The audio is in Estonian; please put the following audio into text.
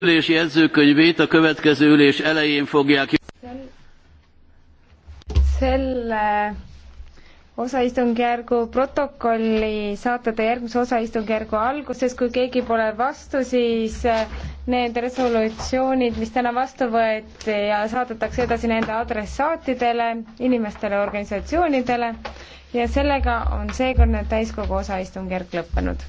ülés jegyzőkönyvét a következő ülés elején fogják selle osaistungjärgu protokolli saata ta järgmise osaistungjärgu alguses, kui keegi pole vastu, siis äh, need resolutsioonid, mis täna vastu võeti ja saadetakse edasi nende adressaatidele, inimestele, organisatsioonidele ja sellega on seekordne täiskogu osaistungjärk lõppenud.